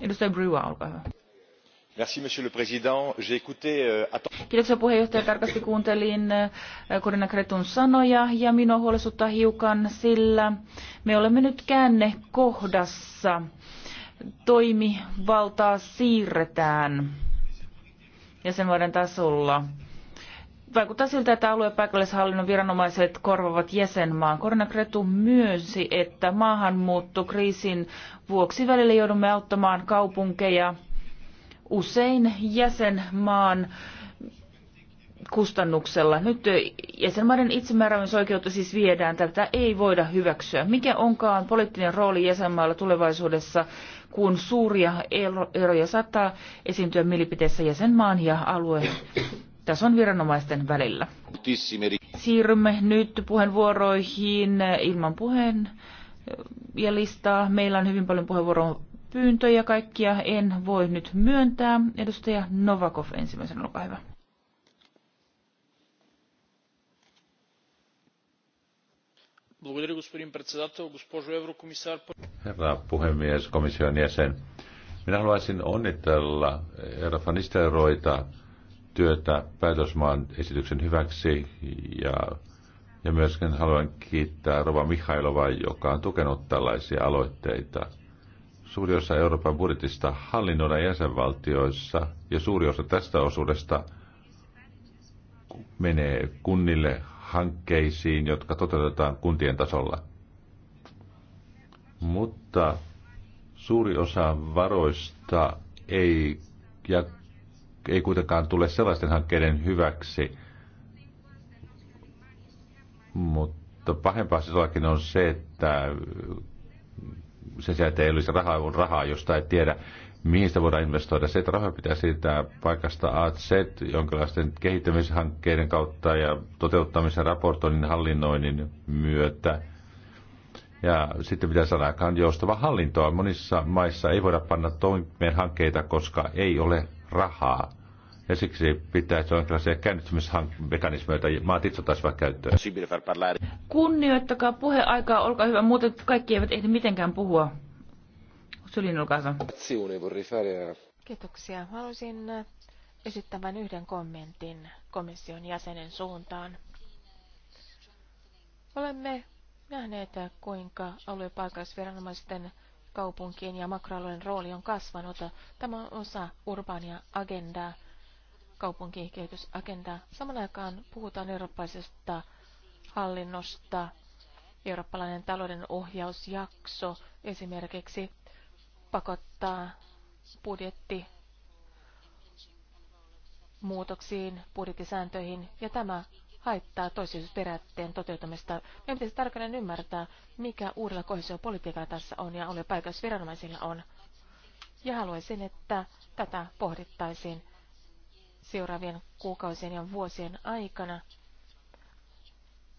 Edustaja Brewer, olkaa hyvä. Monsieur le Président. J'ai écouté, euh, Kiitoksia puheenjohtaja. Tarkasti kuuntelin äh, Corinna Kretun sanoja ja minua huolestuttaa hiukan, sillä me olemme nyt käännekohdassa. kohdassa toimivaltaa siirretään jäsenmaiden tasolla. Vaikuttaa siltä, että alue- ja paikallishallinnon viranomaiset korvavat jäsenmaan. Koronakretu myönsi, että maahanmuuttokriisin vuoksi välillä joudumme auttamaan kaupunkeja usein jäsenmaan kustannuksella. Nyt jäsenmaiden itsemääräämisoikeutta siis viedään. Tätä ei voida hyväksyä. Mikä onkaan poliittinen rooli jäsenmailla tulevaisuudessa, kun suuria eroja saattaa esiintyä mielipiteessä jäsenmaan ja alueen tason viranomaisten välillä. Siirrymme nyt puheenvuoroihin ilman puheen ja listaa. Meillä on hyvin paljon puheenvuoron pyyntöjä kaikkia. En voi nyt myöntää. Edustaja Novakov ensimmäisenä, olkaa hyvä. Herra puhemies, komission jäsen. Minä haluaisin onnitella herra Van Nistelrooyta työtä päätösmaan esityksen hyväksi ja, ja myöskin haluan kiittää Rova Mihailovaa, joka on tukenut tällaisia aloitteita. Suuri osa Euroopan budjetista hallinnoidaan jäsenvaltioissa ja suuri osa tästä osuudesta menee kunnille, hankkeisiin, jotka toteutetaan kuntien tasolla. Mutta suuri osa varoista ei, ja ei kuitenkaan tule sellaisten hankkeiden hyväksi, mutta pahempaa sellakin siis on se, että se, että ei olisi rahaa, on rahaa, josta ei tiedä, mihin sitä voidaan investoida. Se, että rahoja pitää siirtää paikasta A Z, jonkinlaisten kehittämishankkeiden kautta ja toteuttamisen raportoinnin hallinnoinnin myötä. Ja sitten pitää saada aikaan joustava hallintoa. Monissa maissa ei voida panna toimeen hankkeita, koska ei ole rahaa. Ja siksi pitäisi olla jonkinlaisia käynnistymismekanismeja, joita maat itse ottaisivat käyttöön. Kunnioittakaa puheaikaa, olkaa hyvä, muuten kaikki eivät ehdi mitenkään puhua. Sylin, olkaa hyvä. Kiitoksia. Haluaisin esittää vain yhden kommentin komission jäsenen suuntaan. Olemme nähneet, kuinka aluepaikallisviranomaisten kaupunkien ja makroalueen rooli on kasvanut. Tämä on osa urbaania agendaa, kaupunkikehitysagendaa. Samalla aikaan puhutaan eurooppalaisesta hallinnosta. Eurooppalainen talouden ohjausjakso esimerkiksi pakottaa budjetti muutoksiin, budjettisääntöihin, ja tämä haittaa toisiosperiaatteen toteutumista. Meidän pitäisi tarkalleen ymmärtää, mikä uudella kohesiopolitiikalla tässä on ja oli paikallisviranomaisilla on. Ja haluaisin, että tätä pohdittaisiin seuraavien kuukausien ja vuosien aikana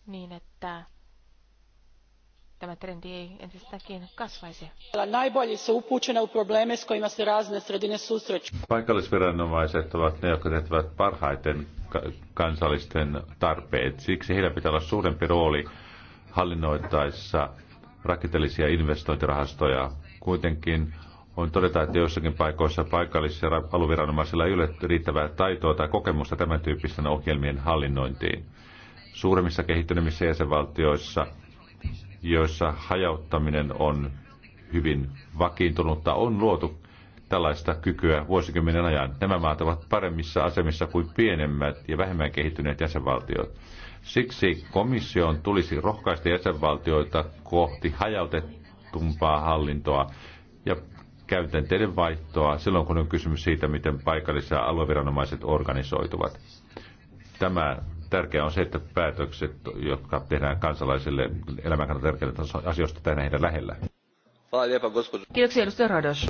niin, että tämä trendi ei entistäkin kasvaisi. Paikallisviranomaiset ovat ne, jotka tehtävät parhaiten kansallisten tarpeet. Siksi heillä pitää olla suurempi rooli hallinnoittaessa rakenteellisia investointirahastoja. Kuitenkin on todeta, että joissakin paikoissa paikallisilla aluviranomaisilla ei ole riittävää taitoa tai kokemusta tämän tyyppisten ohjelmien hallinnointiin. Suuremmissa kehittyneimmissä jäsenvaltioissa – joissa hajauttaminen on hyvin vakiintunutta, on luotu tällaista kykyä vuosikymmenen ajan. Nämä maat ovat paremmissa asemissa kuin pienemmät ja vähemmän kehittyneet jäsenvaltiot. Siksi komission tulisi rohkaista jäsenvaltioita kohti hajautetumpaa hallintoa ja käytänteiden vaihtoa silloin, kun on kysymys siitä, miten paikallisia alueviranomaiset organisoituvat. Tämä tärkeää on se, että päätökset, jotka tehdään kansalaisille elämän kannalta tärkeillä asioista, tehdään heidän lähellä. Kiitoksia, edustaja Rados.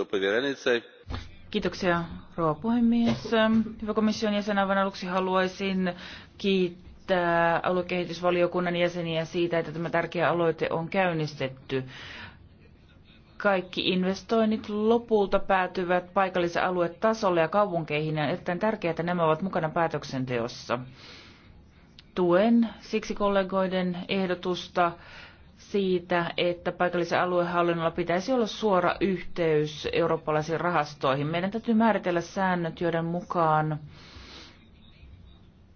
Kiitoksia, rouva puhemies. Hyvä komission jäsen, aivan aluksi haluaisin kiittää aluekehitysvaliokunnan jäseniä siitä, että tämä tärkeä aloite on käynnistetty kaikki investoinnit lopulta päätyvät paikallisen aluetasolle ja kaupunkeihin, ja on tärkeää, että nämä ovat mukana päätöksenteossa tuen siksi kollegoiden ehdotusta siitä, että paikallisen aluehallinnolla pitäisi olla suora yhteys eurooppalaisiin rahastoihin. Meidän täytyy määritellä säännöt, joiden mukaan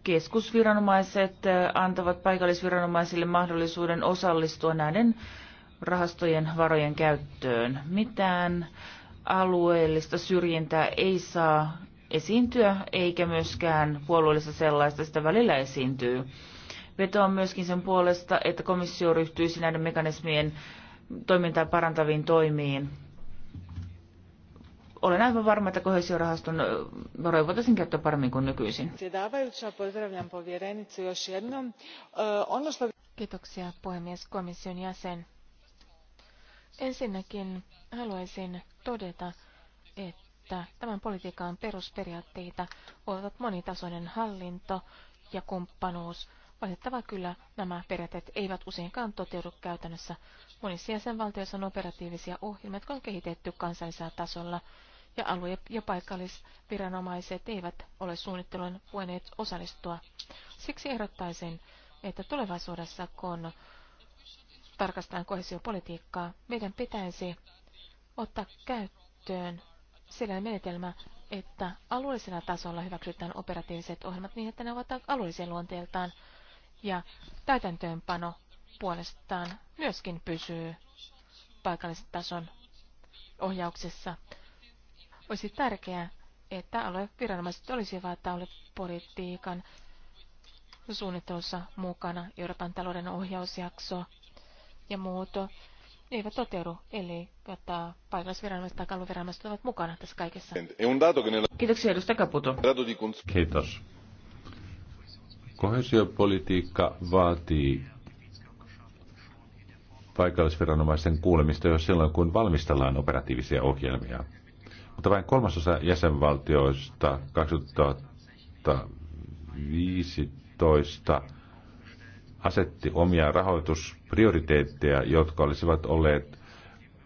keskusviranomaiset antavat paikallisviranomaisille mahdollisuuden osallistua näiden rahastojen varojen käyttöön. Mitään alueellista syrjintää ei saa esiintyä, eikä myöskään puolueellista sellaista sitä välillä esiintyy. Vetoan myöskin sen puolesta, että komissio ryhtyisi näiden mekanismien toimintaa parantaviin toimiin. Olen aivan varma, että kohesiorahaston varoja voitaisiin käyttää paremmin kuin nykyisin. E, Kiitoksia puhemies komission jäsen. Ensinnäkin haluaisin todeta, että että tämän politiikan perusperiaatteita ovat monitasoinen hallinto ja kumppanuus. Valitettava kyllä nämä periaatteet eivät useinkaan toteudu käytännössä. Monissa jäsenvaltioissa on operatiivisia ohjelmia, jotka on kehitetty kansallisella tasolla, ja alue- ja paikallisviranomaiset eivät ole suunnittelun voineet osallistua. Siksi ehdottaisin, että tulevaisuudessa, kun tarkastetaan kohesiopolitiikkaa, meidän pitäisi ottaa käyttöön sellainen menetelmä, että alueellisella tasolla hyväksytään operatiiviset ohjelmat niin, että ne ovat alueellisia luonteeltaan ja täytäntöönpano puolestaan myöskin pysyy paikallisen tason ohjauksessa. Olisi tärkeää, että alueviranomaiset olisivat politiikan suunnittelussa mukana Euroopan talouden ohjausjakso ja muuto eivät toteudu, eli jotta paikallisviranomaiset tai kalvoviranomaiset ovat mukana tässä kaikessa. Kiitoksia edustaja Kaputo. Kiitos. Kohesiopolitiikka vaatii paikallisviranomaisten kuulemista jo silloin, kun valmistellaan operatiivisia ohjelmia. Mutta vain kolmasosa jäsenvaltioista 2015 asetti omia rahoitusprioriteetteja, jotka olisivat olleet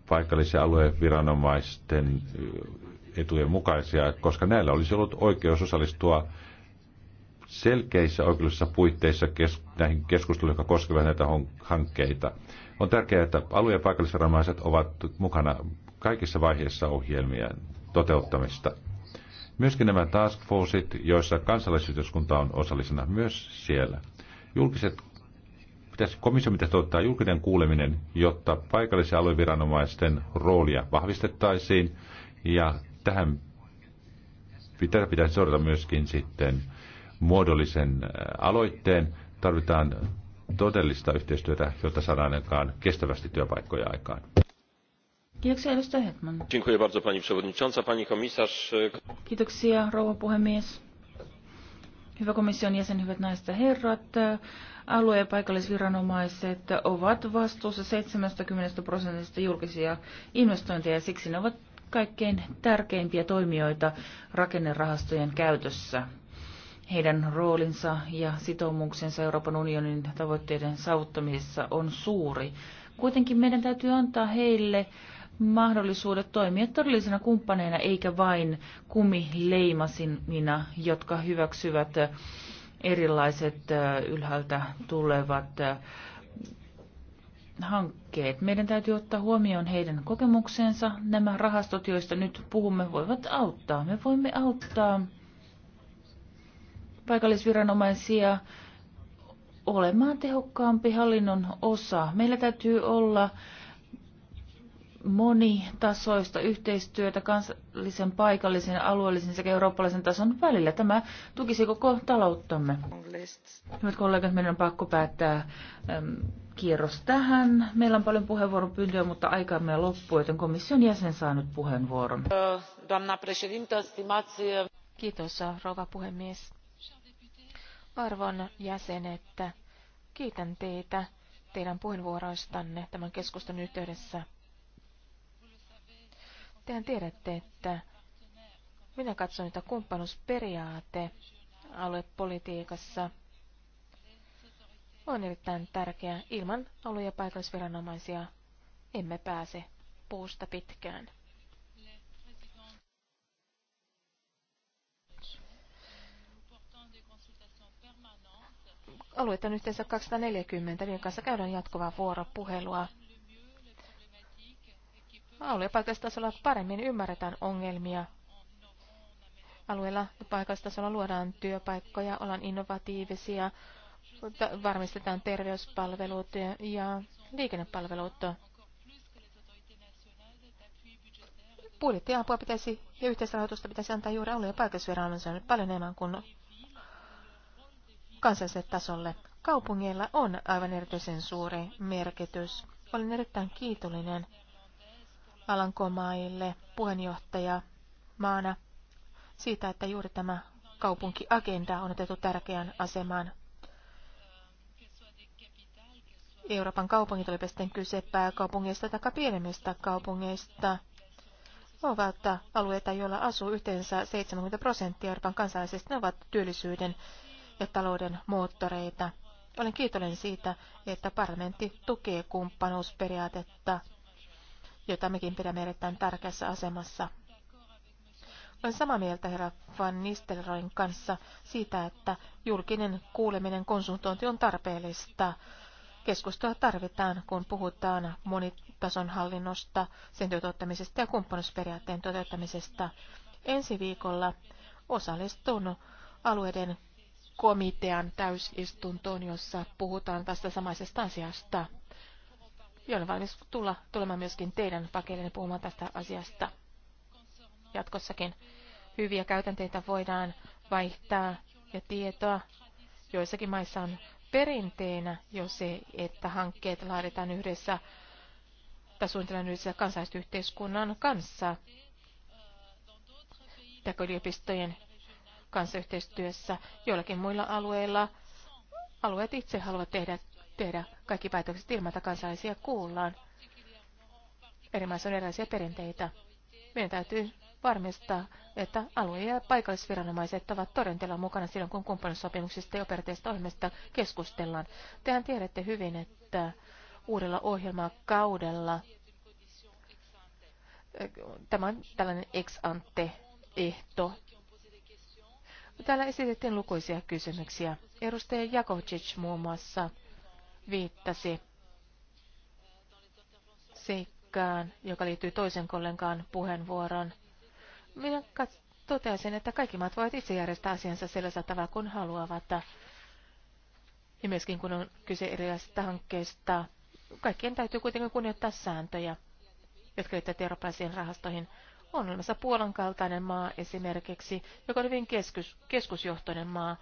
paikallisen alueviranomaisten etujen mukaisia, koska näillä olisi ollut oikeus osallistua selkeissä oikeudellisissa puitteissa kes- näihin keskusteluihin, jotka koskevat näitä hankkeita. On tärkeää, että alue- ja paikallisviranomaiset ovat mukana kaikissa vaiheissa ohjelmien toteuttamista. Myöskin nämä task forceit, joissa kansalaisyhteiskunta on osallisena myös siellä. Julkiset pitäisi, komissio pitäisi ottaa julkinen kuuleminen, jotta paikallisen alueviranomaisten roolia vahvistettaisiin ja tähän pitää, pitäisi seurata myöskin sitten muodollisen äh, aloitteen. Tarvitaan todellista yhteistyötä, jotta saadaan ainakaan kestävästi työpaikkoja aikaan. Kiitoksia edustaja Hetman. Kiitoksia rouva puhemies. Hyvä komission jäsen, hyvät naiset ja herrat, alue- ja paikallisviranomaiset ovat vastuussa 70 prosentista julkisia investointeja, ja siksi ne ovat kaikkein tärkeimpiä toimijoita rakennerahastojen käytössä. Heidän roolinsa ja sitoumuksensa Euroopan unionin tavoitteiden saavuttamisessa on suuri. Kuitenkin meidän täytyy antaa heille mahdollisuudet toimia todellisena kumppaneina eikä vain kumileimasimina, jotka hyväksyvät erilaiset ylhäältä tulevat hankkeet. Meidän täytyy ottaa huomioon heidän kokemuksensa. Nämä rahastot, joista nyt puhumme, voivat auttaa. Me voimme auttaa paikallisviranomaisia olemaan tehokkaampi hallinnon osa. Meillä täytyy olla äh, monitasoista yhteistyötä kansallisen, paikallisen, alueellisen sekä eurooppalaisen tason välillä. Tämä tukisi koko talouttamme. Hyvät kollegat, meidän on pakko päättää äm, kierros tähän. Meillä on paljon puheenvuoropyyntöjä, mutta aikamme loppuu, joten komission jäsen saa nyt puheenvuoron. Kiitos, rouva puhemies. Arvon jäsenet, kiitän teitä teidän puheenvuoroistanne tämän keskustelun yhteydessä. Tehän tiedätte, että minä katson, että kumppanuusperiaate aluepolitiikassa on erittäin tärkeä. Ilman alue- ja paikallisviranomaisia emme pääse puusta pitkään. Alueita on yhteensä 240, niiden kanssa käydään jatkuvaa vuoropuhelua alue- paikallistasolla paremmin ymmärretään ongelmia. Alueella ja paikallistasolla luodaan työpaikkoja, ollaan innovatiivisia, varmistetaan terveyspalvelut ja liikennepalvelut. Budjettiapua pitäisi ja yhteisrahoitusta pitäisi antaa juuri alue- ja paikallisviranomaisille paljon enemmän kuin kansalliselle tasolle. Kaupungeilla on aivan erityisen suuri merkitys. Olen erittäin kiitollinen Alankomaille puheenjohtaja maana siitä, että juuri tämä kaupunkiagenda on otettu tärkeään asemaan. Euroopan kaupungit, olipa sitten kyse pääkaupungeista tai pienemmistä kaupungeista, ovat alueita, joilla asuu yhteensä 70 prosenttia Euroopan kansalaisista. Ne ovat työllisyyden ja talouden moottoreita. Olen kiitollinen siitä, että parlamentti tukee kumppanuusperiaatetta jota mekin pidämme erittäin tärkeässä asemassa. Olen samaa mieltä herra Van Nistelroin kanssa siitä, että julkinen kuuleminen konsultointi on tarpeellista. Keskustelua tarvitaan, kun puhutaan monitason hallinnosta, sen toteuttamisesta ja kumppanusperiaatteen toteuttamisesta. Ensi viikolla osallistun alueiden komitean täysistuntoon, jossa puhutaan tästä samaisesta asiasta ja olen valmis tulla, tulemaan myöskin teidän pakeillenne puhumaan tästä asiasta jatkossakin. Hyviä käytänteitä voidaan vaihtaa ja tietoa. Joissakin maissa on perinteenä jo se, että hankkeet laaditaan yhdessä tai suunnitellaan yhdessä kansalaisyhteiskunnan kanssa Tämä yliopistojen kanssa yhteistyössä. Joillakin muilla alueilla alueet itse haluavat tehdä tehdä kaikki päätökset ilman, että kansalaisia kuullaan. Eri maissa on erilaisia perinteitä. Meidän täytyy varmistaa, että alue- ja paikallisviranomaiset ovat todenteella mukana silloin, kun kumppanuussopimuksista ja operatiivisista ohjelmista keskustellaan. Tehän tiedätte hyvin, että uudella ohjelmakaudella tämä on tällainen ex ante ehto. Täällä esitettiin lukuisia kysymyksiä. Edustaja Jakovic muun muassa viittasi seikkaan, joka liittyy toisen kollegan puheenvuoron. Minä toteaisin, että kaikki maat voivat itse järjestää asiansa sellaisella tavalla kuin haluavat. Ja myöskin kun on kyse erilaisista hankkeista, kaikkien täytyy kuitenkin kunnioittaa sääntöjä, jotka liittyvät eurooppalaisiin rahastoihin. On olemassa Puolan kaltainen maa esimerkiksi, joka on hyvin keskus, keskusjohtoinen maa,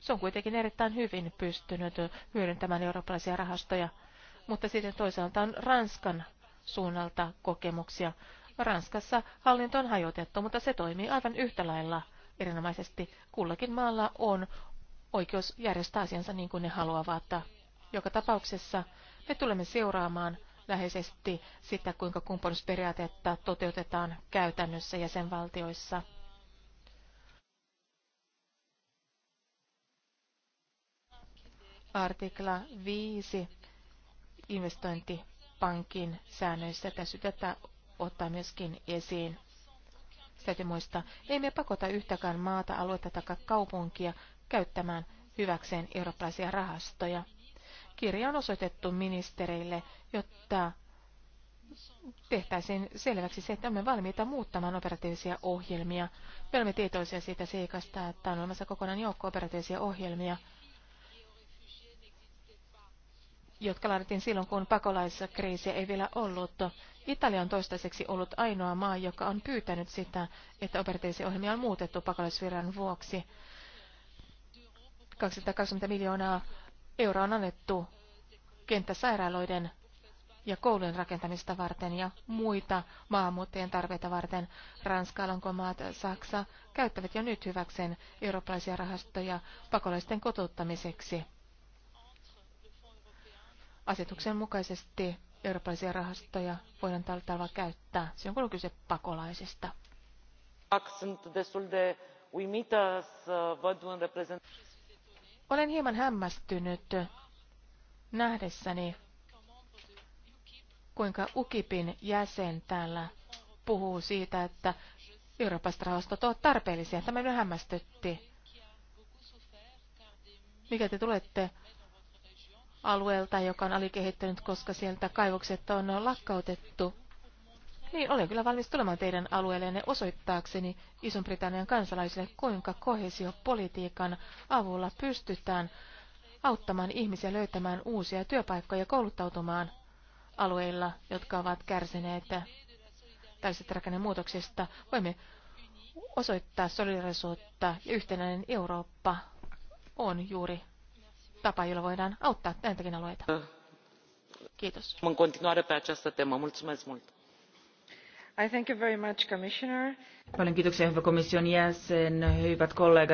se on kuitenkin erittäin hyvin pystynyt hyödyntämään eurooppalaisia rahastoja, mutta sitten toisaalta on Ranskan suunnalta kokemuksia. Ranskassa hallinto on hajotettu, mutta se toimii aivan yhtä lailla erinomaisesti. Kullakin maalla on oikeus järjestää asiansa niin kuin ne haluavat. Joka tapauksessa me tulemme seuraamaan läheisesti sitä, kuinka kumppanuusperiaatetta toteutetaan käytännössä jäsenvaltioissa. Artikla 5 investointipankin säännöissä tässä tätä ottaa myöskin esiin. Täytyy muistaa, ei me pakota yhtäkään maata, aluetta tai kaupunkia käyttämään hyväkseen eurooppalaisia rahastoja. Kirja on osoitettu ministereille, jotta tehtäisiin selväksi se, että olemme valmiita muuttamaan operatiivisia ohjelmia. Me olemme tietoisia siitä seikasta, että on olemassa kokonaan joukko operatiivisia ohjelmia, jotka laadittiin silloin, kun pakolaiskriisiä ei vielä ollut. Italia on toistaiseksi ollut ainoa maa, joka on pyytänyt sitä, että operatiivisia ohjelmia on muutettu pakolaisviran vuoksi. 220 miljoonaa euroa on annettu kenttäsairaaloiden ja koulujen rakentamista varten ja muita maahanmuuttajien tarpeita varten. Ranska, Alankomaat, Saksa käyttävät jo nyt hyväkseen eurooppalaisia rahastoja pakolaisten kotouttamiseksi. Asetuksen mukaisesti eurooppalaisia rahastoja voidaan tällä tavalla käyttää silloin, kun on kyse pakolaisista. Olen hieman hämmästynyt nähdessäni, kuinka UKIPin jäsen täällä puhuu siitä, että Euroopasta rahastot ovat tarpeellisia. Tämä minua hämmästytti. Mikä te tulette alueelta, joka on alikehittynyt, koska sieltä kaivokset on lakkautettu. Niin, olen kyllä valmis tulemaan teidän alueelleenne osoittaakseni Ison-Britannian kansalaisille, kuinka kohesiopolitiikan avulla pystytään auttamaan ihmisiä löytämään uusia työpaikkoja ja kouluttautumaan alueilla, jotka ovat kärsineet tällaisesta rakennemuutoksesta. Voimme osoittaa solidarisuutta ja yhtenäinen Eurooppa on juuri tapa, jolla voidaan auttaa näitäkin alueita. Kiitos. Mä continuare pe această temă. Mulțumesc mult. I thank you very much, Commissioner. Paljon kiitoksia, hyvä komission jäsen, hyvät kollegat.